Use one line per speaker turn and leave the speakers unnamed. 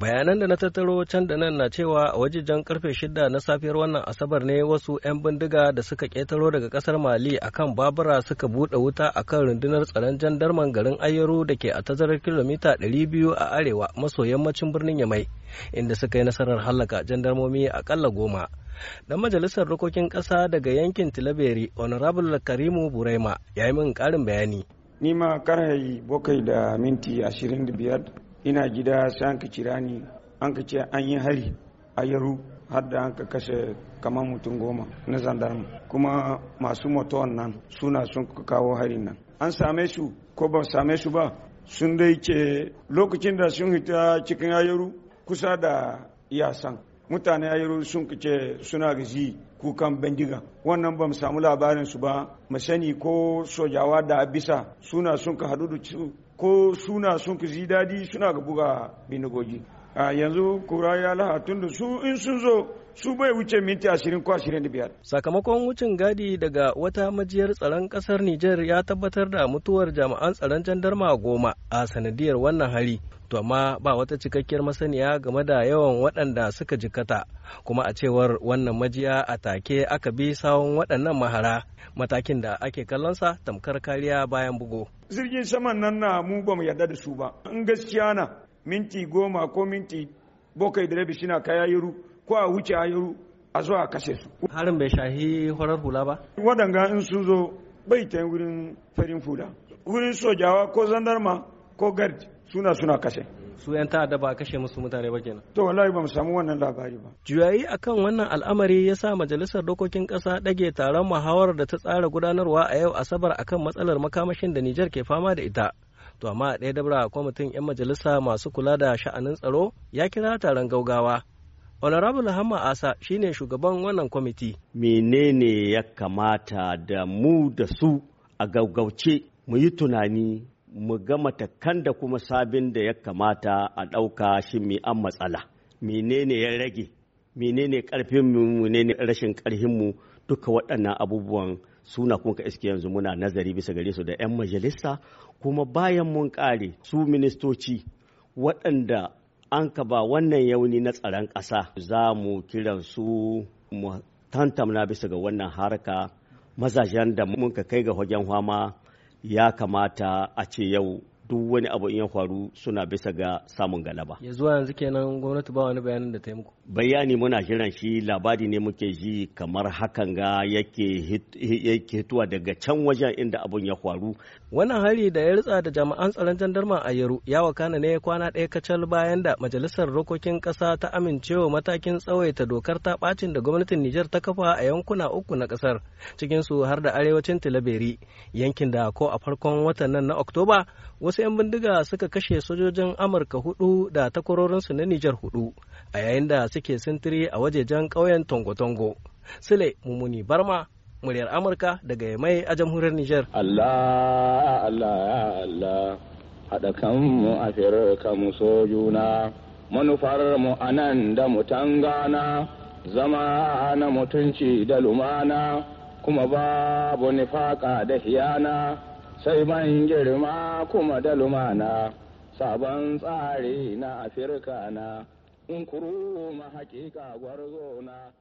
bayanan da na tattaro can da nan na cewa a wajejen karfe shida na safiyar wannan asabar ne wasu 'yan bindiga da suka ketaro daga kasar mali a kan babura suka buɗe wuta akan rundunar tsaron jandarman garin ayyaru da ke a tazarar kilomita 200 a arewa maso yammacin birnin yamai inda suka yi nasarar hallaka jandarmomi akalla goma dan majalisar rokokin ƙasa daga yankin tilaberi honorable karimu Buraima, ya yi min ƙarin bayani Ni nima karhayi
bakwai da minti ashirin da biyar ina gida sai an ka kira ni an ka ce an yi hari a yaru har da an ka kashe kamar mutum goma na zandarma kuma masu motowar nan suna sun kawo hari nan an same su ko ba same su ba sun dai ce lokacin da sun hita cikin ayaru kusa da iyasan mutane ayaru sun ce suna gaji kukan bangiga wannan ba mu samu labarin su ba mu sani ko sojawa da bisa suna sun ka hadu da su ko suna sun kusi suna ga buga binigogi yanzu kura ya laha tun da su in sun zo su bai wuce minti ashirin ko ashirin da biyar.
Sakamakon wucin gadi daga wata majiyar tsaron kasar Nijar ya tabbatar da mutuwar jami'an tsaron jandarma goma a sanadiyar wannan hari. To amma ba wata cikakkiyar masaniya game da yawan waɗanda suka jikata kuma a cewar wannan majiya a take aka bi sawon waɗannan mahara matakin da ake kallon sa tamkar kariya bayan bugo.
Jirgin saman nan na mu ba yarda da su ba. In gaskiya na minti goma ko minti bokai da rabi shina kaya yuru ko a wuce a a zuwa kashe su harin bai shahi horar hula ba wadanga in sun zo bai ta wurin farin hula wurin sojawa ko zandarma ko gard suna suna kashe
su 'yan ta'adda ba kashe musu mutane ba kenan.
To wallahi ba mu samu wannan labari ba.
Juyayi akan wannan al'amari ya sa majalisar dokokin ƙasa ɗage taron muhawarar da ta tsara gudanarwa a yau Asabar akan matsalar makamashin da Nijar ke fama da ita. to amma ɗaya dabra kwamitin 'yan majalisa masu kula da sha'anin tsaro
ya kira taron gaugawa honorable hamma asa shine shugaban wannan kwamiti menene ya kamata da mu da su a gaugauce mu yi tunani mu ga matakan da kuma sabin da ya kamata a ɗauka shi mai an matsala menene ya rage menene ƙarfinmu menene rashin mu duka waɗannan abubuwan suna kuma ka iske yanzu muna nazari bisa gare su da 'yan majalisa kuma bayan mun kare su ministoci waɗanda an ka ba wannan yauni na tsaron ƙasa za mu kiran su mu tantamna bisa ga wannan harka mazajen da mun ka kai ga wajen hama ya kamata a ce yau duk wani abu in ya faru suna bisa ga samun galaba ya zuwa yanzu
kenan gwamnati ba wani bayanin da ta yi muku
bayani muna jiran shi labari ne muke ji kamar hakan ga yake hituwa daga can wajen inda abun ya faru wannan hari da ya ritsa da jami'an tsaron jandarma a yaro ya wakana ne kwana ɗaya kacal bayan da majalisar
rokokin ƙasa ta amincewa matakin tsawaita dokar ta bacin da gwamnatin Nijar ta kafa a yankuna uku na ƙasar cikinsu har da arewacin Tilaberi yankin da ko a farkon watan nan na Oktoba wasu wasu 'yan bindiga suka kashe sojojin Amurka hudu da takwarorinsu na Nijar hudu a yayin da suke sintiri a wajejen ƙauyen Tongo-Tongo. Sule Mumuni Barma, muryar Amurka daga Yamai a jamhuriyar Nijar. Allah,
Allah, Allah, haɗa kanmu a kanmu juna, manufar mu anan da mutan gana, zama na mutunci da lumana, kuma babu nifaka da hiyana. sai ban girma kuma da lumana sabon tsari na afirka na in kuru ma hakika gwarzo na